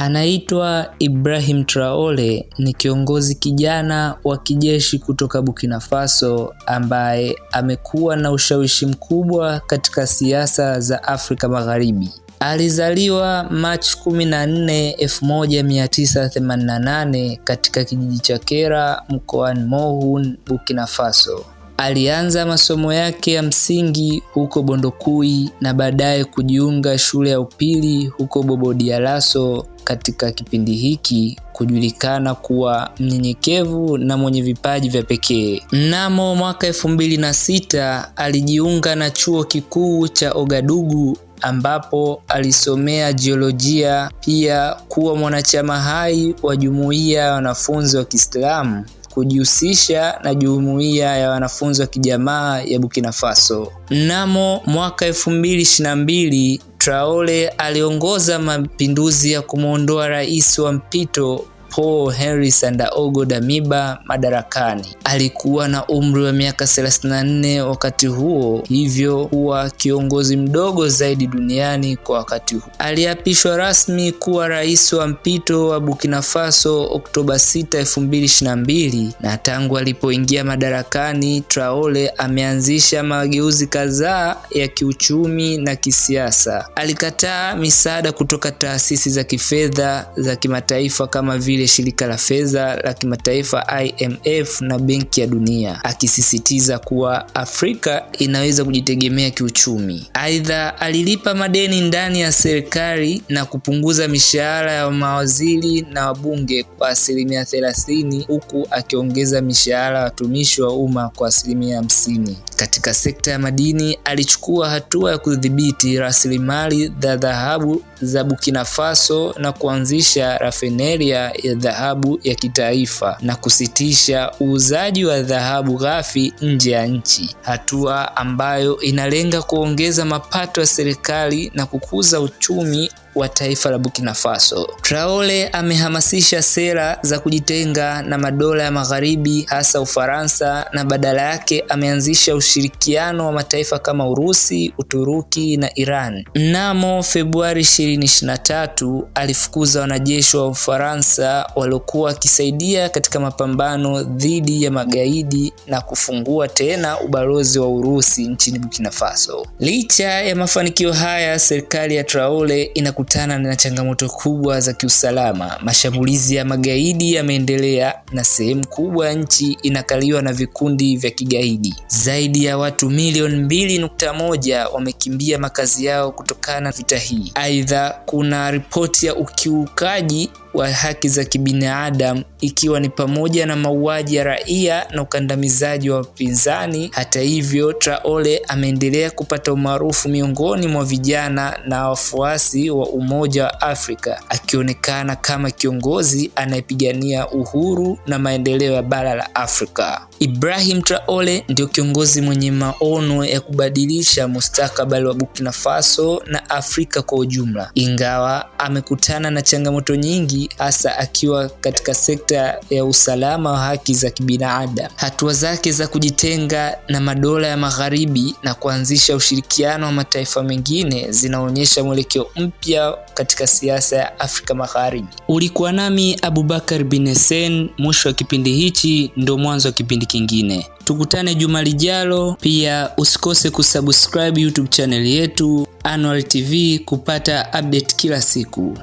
Anaitwa Ibrahim Traore ni kiongozi kijana wa kijeshi kutoka Burkina Faso ambaye amekuwa na ushawishi mkubwa katika siasa za Afrika Magharibi. Alizaliwa Machi 14, 1988 katika kijiji cha Kera mkoani Mohun, Burkina Faso. Alianza masomo yake ya msingi huko Bondokui na baadaye kujiunga shule ya upili huko Bobo Dialaso katika kipindi hiki kujulikana kuwa mnyenyekevu na mwenye vipaji vya pekee. Mnamo mwaka 26 alijiunga na chuo kikuu cha Ogadugu ambapo alisomea jiolojia, pia kuwa mwanachama hai wa jumuiya ya wanafunzi wa Kiislamu, kujihusisha na jumuiya ya wanafunzi wa kijamaa ya Burkina Faso. Mnamo mwaka Traore aliongoza mapinduzi ya kumwondoa rais wa mpito Paul Henri Ndaogo Damiba madarakani. Alikuwa na umri wa miaka 34 wakati huo, hivyo kuwa kiongozi mdogo zaidi duniani kwa wakati huo. Aliapishwa rasmi kuwa rais wa mpito wa Burkina Faso Oktoba 6, 2022 na tangu alipoingia madarakani, Traore ameanzisha mageuzi kadhaa ya kiuchumi na kisiasa. Alikataa misaada kutoka taasisi za kifedha za kimataifa kama vile vile shirika la fedha la kimataifa IMF na Benki ya Dunia, akisisitiza kuwa Afrika inaweza kujitegemea kiuchumi. Aidha, alilipa madeni ndani ya serikali na kupunguza mishahara ya mawaziri na wabunge kwa asilimia thelathini huku akiongeza mishahara ya watumishi wa umma kwa asilimia hamsini. Katika sekta ya madini, alichukua hatua ya kudhibiti rasilimali za dhahabu za Burkina Faso na kuanzisha rafineria ya dhahabu ya kitaifa na kusitisha uuzaji wa dhahabu ghafi nje ya nchi, hatua ambayo inalenga kuongeza mapato ya serikali na kukuza uchumi wa taifa la Burkina Faso. Traore amehamasisha sera za kujitenga na madola ya magharibi hasa Ufaransa na badala yake ameanzisha ushirikiano wa mataifa kama Urusi, Uturuki na Iran. Mnamo Februari 2023 alifukuza wanajeshi wa Ufaransa waliokuwa wakisaidia katika mapambano dhidi ya magaidi na kufungua tena ubalozi wa Urusi nchini Burkina Faso. Licha ya mafanikio haya, serikali ya Traore inaku kukutana na changamoto kubwa za kiusalama. Mashambulizi ya magaidi yameendelea na sehemu kubwa ya nchi inakaliwa na vikundi vya kigaidi. Zaidi ya watu milioni mbili nukta moja wamekimbia makazi yao kutokana na vita hii. Aidha, kuna ripoti ya ukiukaji wa haki za kibinadamu ikiwa ni pamoja na mauaji ya raia na ukandamizaji wa wapinzani. Hata hivyo, Traore ameendelea kupata umaarufu miongoni mwa vijana na wafuasi wa Umoja wa Afrika akionekana kama kiongozi anayepigania uhuru na maendeleo ya bara la Afrika. Ibrahim Traore ndio kiongozi mwenye maono ya kubadilisha mustakabali wa Burkina Faso na Afrika kwa ujumla, ingawa amekutana na changamoto nyingi, hasa akiwa katika sekta ya usalama wa haki za kibinadamu. Hatua zake za kujitenga na madola ya magharibi na kuanzisha ushirikiano wa mataifa mengine zinaonyesha mwelekeo mpya pia katika siasa ya Afrika Magharibi. Ulikuwa nami Abubakar bin Hussein. Mwisho wa kipindi hichi ndo mwanzo wa kipindi kingine. Tukutane juma lijalo. Pia usikose kusubscribe YouTube channel yetu Annual TV kupata update kila siku.